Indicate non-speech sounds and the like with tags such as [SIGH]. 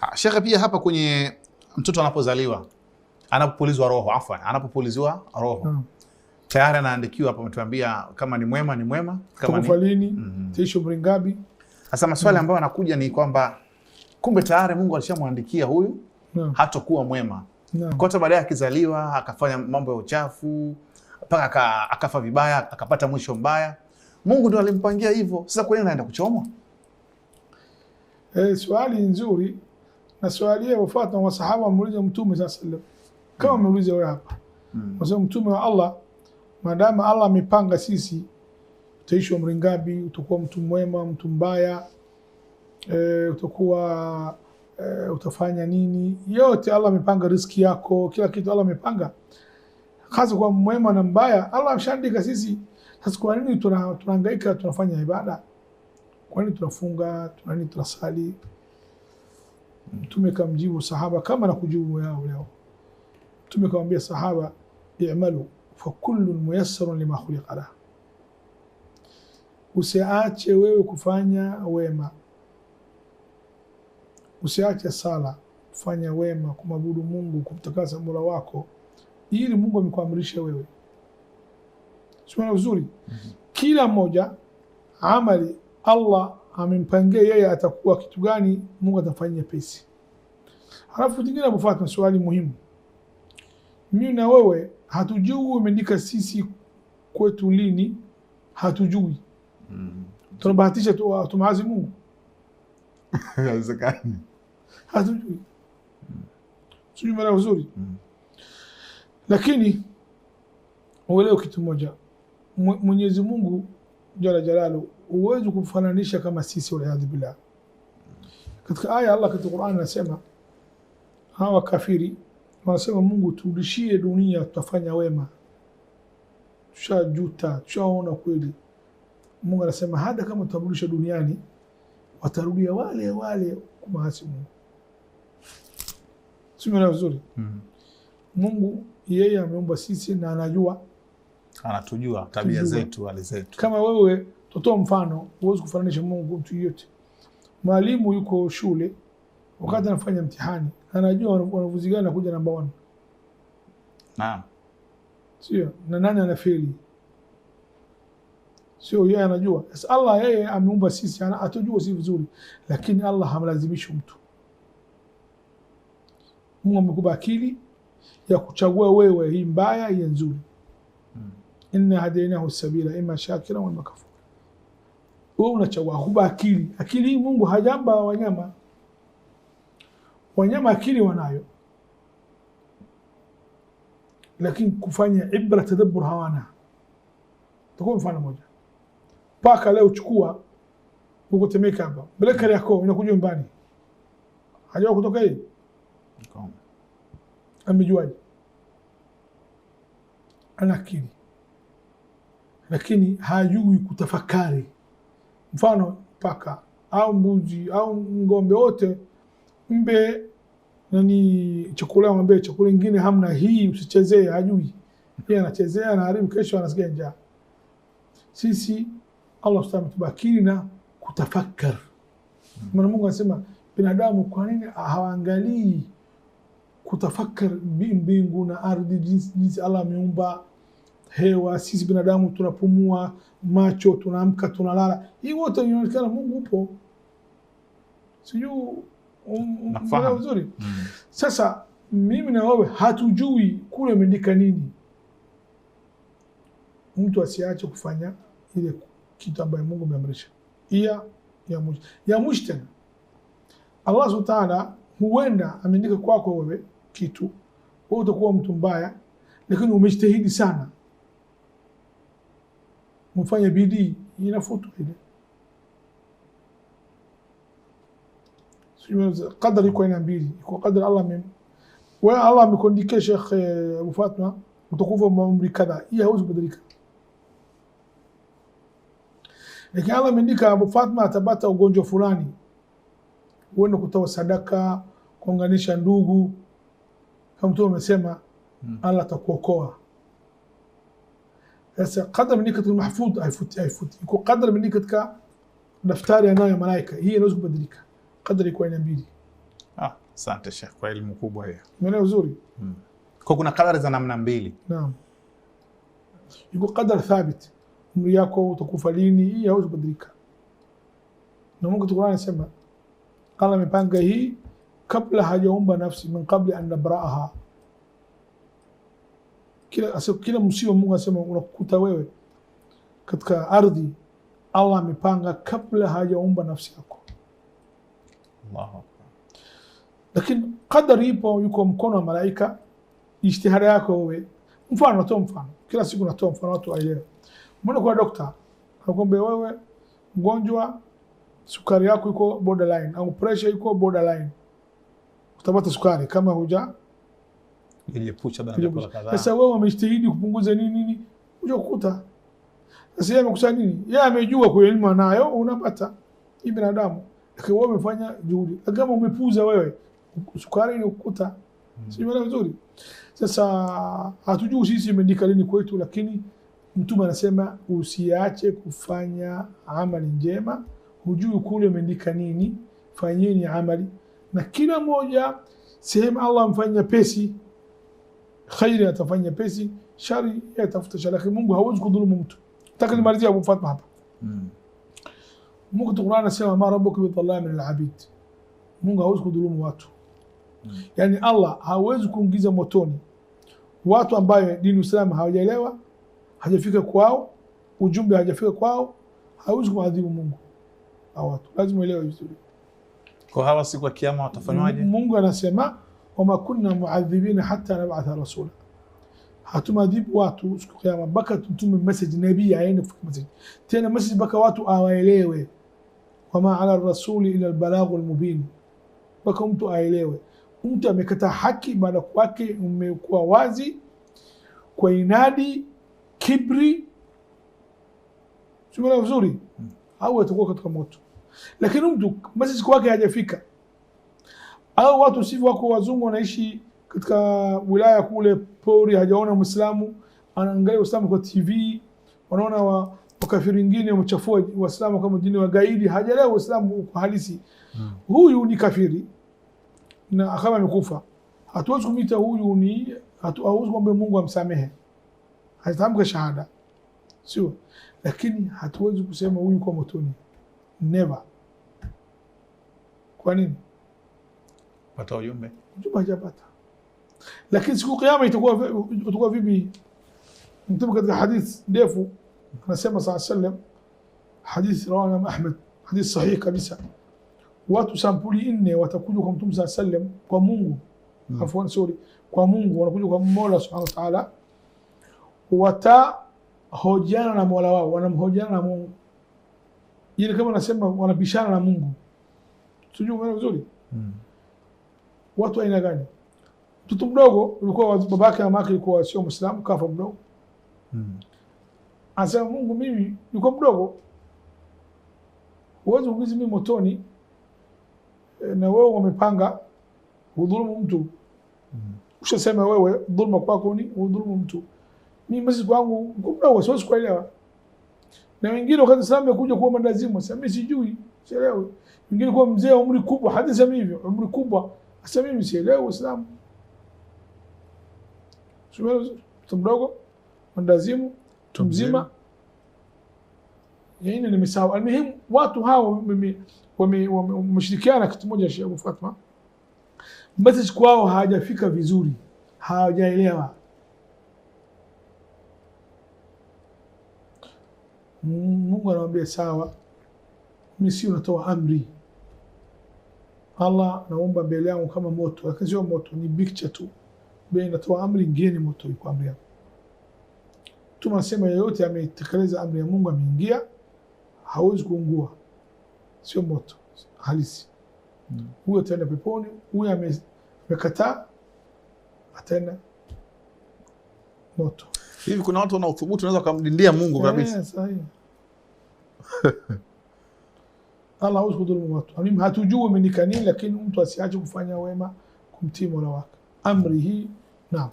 Ha, ah, shekhe pia hapa kwenye mtoto anapozaliwa anapopulizwa roho afwan, anapopuliziwa roho hmm. tayari anaandikiwa hapa, ametuambia kama ni mwema ni mwema, kama ni falini mm -hmm. tisho mringabi. Sasa maswali hmm. ambayo anakuja ni kwamba kumbe tayari Mungu alishamwandikia huyu hmm. hatakuwa mwema hmm. kwa baadaye akizaliwa akafanya mambo ya uchafu mpaka akafa vibaya akapata mwisho mbaya. Mungu ndo alimpangia hivyo. Sasa kwa nini anaenda kuchomwa? Eh, swali nzuri na swali ya yafuata masahaba wamuuliza mtume saa sallam kama ameuliza mm. wewe hapa mm. kwa sababu mtume wa Allah, maadamu Allah amepanga sisi utaishi umri ngapi, utakuwa mtu mwema, mtu mbaya e, utakuwa e, utafanya nini, yote Allah amepanga, riski yako, kila kitu Allah amepanga, hasa kwa mwema na mbaya. Allah ameshaandika sisi. Sasa kwa nini tunahangaika, tunafanya ibada? Kwa nini tunafunga? Kwa nini tunasali? Mtume kamjibu sahaba kama na kujibu yao leo. Mtume kamwambia sahaba, i'malu fa kullun muyassarun lima khuliqa lah, usiache wewe kufanya wema, usiache sala, kufanya wema, kumabudu Mungu, kumtakasa Mola wako, ili Mungu amekuamrisha wewe. Sio uzuri, mhm. kila mmoja amali Allah amempangia yeye atakuwa kitu gani, Mungu atafanyia pesi. Halafu tingine abufuata swali muhimu, mimi na wewe hatujui umeandika sisi kwetu lini, hatujui mm. Tunabahatisha tu ah, tumaazi Mungu [LAUGHS] hatujui mm. sijui mara uzuri mm. Lakini uelewe kitu moja, Mwenyezi Mungu jala jalalu huwezi kumfananisha kama sisi, waliyadhu billah. Katika aya Allah katika Qur'an anasema hawa kafiri wanasema, Mungu turudishie dunia, tutafanya wema, tushajuta, tushaona kweli. Mungu anasema hata kama tutamrudisha duniani, watarudia wale wale kumwasi Mungu. Simeona vizuri? mm -hmm. Mungu yeye ameumba sisi na anajua, anatujua tabia zetu, hali zetu. Kama wewe Totoa mfano, huwezi kufananisha Mungu mtu yote Mwalimu yuko shule, wakati anafanya mtihani anajua wanafunzi gani anakuja namba 1. naam, sio na nani anafeli, sio yeye anajua. Sasa Allah yeye ameumba sisi, atojua si vizuri, lakini Allah hamlazimishi mtu. Mungu amekupa akili ya kuchagua wewe, hii mbaya, hii nzuri. hmm. inna hadainahu sabila imma shakira wa imma kafura wewe kuba akili. Akili hii Mungu hajamba wanyama. Wanyama akili wanayo, lakini kufanya ibra tadabbur hawana. Tuko mfano moja, paka leo chukua ukutemeka hapa bila yako inakuja nyumbani, hajua kutoka hii amejuaje? Ana akili lakini hajui kutafakari mfano paka au mbuzi au ng'ombe wote mbe nani chakula mbe chakula ingine hamna, hii usichezee, hajui yeye anachezea, haribu, kesho anasikia njaa. Sisi Allah subhanahu tubakiri na kutafakar. Maana Mungu anasema binadamu, kwa nini hawaangalii kutafakar mbingu na ardhi, jinsi Allah ameumba hewa, sisi binadamu tunapumua, macho, tunaamka, tunalala, hii wote inaonekana Mungu upo, sijuu um, um, mea vizuri mm. Sasa mimi na wewe hatujui kule ameandika nini. Mtu asiache kufanya ile kitu ambayo Mungu ameamrisha, iya ya mwisho ya mwisho tena. Allah subhanahu wa ta'ala huenda ameandika kwako wewe kitu, wewe utakuwa mtu mbaya, lakini umejitahidi sana mfanye bidii, inafutwa ile qadar iko aina mbili, iko qadar Allah mem wewe Allah amekuandikia Sheikh eh, Abu Fatma utakufa maumri kadhaa, hii hauwezi kubadilika. Lakini Allah ameandika Abu Fatma atapata ugonjwa fulani, uende kutoa sadaka, kuunganisha ndugu, kama Mtume amesema, hmm. Allah atakuokoa. Sasa qadar mwenyewe katika mahfudh haifuti haifuti, iko qadar mwenyewe katika daftari anayo malaika, hii inaweza kubadilika, qadar iko aina mbili. Ah, asante Sheikh kwa elimu kubwa hiyo, umeelewa uzuri hmm. Kwa kuna qadar za namna mbili, naam, iko qadar thabit, umri yako utakufa lini, hii haiwezi kubadilika, na Mungu Qur'an anasema, Allah amepanga hii kabla hajaumba nafsi, min qabli an kila, kila msio Mungu anasema unakukuta wewe katika ardhi Allah amepanga kabla hajaumba nafsi yako. Allahu Akbar. Lakini kadari ipo, yuko mkono wa malaika, ijtihada yako wewe. Mfano natoa mfano, kila siku natoa mfano watu waelewe. Mbona kwa dokta anakwambia wewe mgonjwa, sukari yako iko borderline au pressure iko borderline, utapata sukari kama hujaa kujiepusha bana vyakula kadhaa. Sasa wao wamejitahidi kupunguza nini nini, unakuta sasa yeye amekusa nini, yeye amejua kwa elimu anayo, unapata ni binadamu, lakini wewe umefanya juhudi, kama umepuza wewe, sukari ni ukuta, hmm. si maana vizuri. Sasa hatujui sisi imeandika lini kwetu, lakini Mtume anasema usiache kufanya amali njema, hujui kule umeandika nini. Fanyeni amali na kila mmoja sehemu Allah amfanya pesi Khairi atafanya pesi, shari yatafuta shari. Mungu hawezi kudhulumu mtu. Nataka mm. nimalizie Abu Fatma hapa. Mm. Mungu Mungu Qur'an anasema ma rabbuka bidhallamin lil abid. Mungu hawezi kudhulumu watu. Mm. Yaani Allah hawezi kuingiza motoni watu ambayo dini Uislamu hawajaelewa, hajafika kwao, ujumbe hajafika kwao, hawezi kumadhibu Mungu au watu. Lazima uelewe vizuri. Kwa hawa siku ya kiyama watafanywaje? Mungu anasema وما كنا معذبين حتى نبعث رسولا هاتوما ديب واتو اسكو قياما بكا تنتم المسج نبي عين فك مسج تينا مسج بكا واتو آوائلوي وما على الرسول إلا البلاغ المبين بكا امتو آوائي امتو مكتا حكي بانك واكي امي كوا وازي كوينادي كبري شو ملا فزوري هاو يتقوك تقموتو لكن امتو مسج كواكي هذا فيك Au watu sivyo, wako wazungu wanaishi katika wilaya kule pori, hajaona Muislamu, anaangalia Uislamu kwa TV, wanaona wa, wakafiri wengine wamechafua Waislamu kama jini wagaidi, hajaelewa Uislamu kwa halisi. Hmm. Huyu ni kafiri na kama amekufa, hatuwezi kumita huyu ni, hatuwezi kumwambia Mungu amsamehe, hatamke shahada, sio lakini hatuwezi kusema huyu kwa motoni, never. Kwa nini? pata ujumbe, ujumbe hajapata. Lakini siku kiyama itakuwa vipi? Mtume katika hadithi ndefu anasema saa sallam, hadithi rawahu Imam Ahmed, hadithi sahihi kabisa. Watu sampuli nne watakuja kwa Mtume saa sallam, kwa Mungu mm. Afwan, sorry, kwa Mungu wanakuja kwa Mola subhanahu wa ta'ala, watahojiana na Mola wao, wanamhojiana na Mungu ili kama anasema wanapishana na Mungu, sijui vizuri mm watu aina gani? Mtoto mdogo ulikuwa babake na mamake ilikuwa sio Muislamu, kafa mdogo hmm. Anasema Mungu, mimi nilikuwa mdogo, huwezi kuingiza mimi motoni e, na wewe umepanga udhulumu mtu hmm. Ushasema wewe dhulma kwako ni udhulumu mtu, mimi mzigo wangu mdogo, siwezi kuelewa. Na wengine wakati Islamu kuja kuwa mandazimu, sasa mimi sijui sielewi. Wengine kuwa mzee wa umri kubwa, hadi sasa hivi umri kubwa sasa mimi sielewi Uislamu, mtu mdogo, mwendazimu, mtu mzima, yaani ni misawa. Almuhimu watu hao wameshirikiana kitu moja, Sheikh Abu Fatma, message kwao hawajafika vizuri, hawajaelewa Mungu anawambia sawa, mimi si unatoa amri Allah naomba mbele yangu kama moto, lakini sio moto, ni picture tu, Bei inatoa amri ngine, moto yuko amri yangu. Mtume anasema yeyote ametekeleza amri ya Mungu ameingia, hawezi kuungua, sio moto halisi. Hmm. Huyo ataenda peponi, huyo amekataa ataenda moto. Hivi kuna watu wanaothubutu, unaweza kumdindia Mungu eh, kabisa. [LAUGHS] Allah hawezi kudhulumu watu. Amim, hatujui umenikani, lakini mtu asiache kufanya wema kumtii mola wake. Amri hii naam.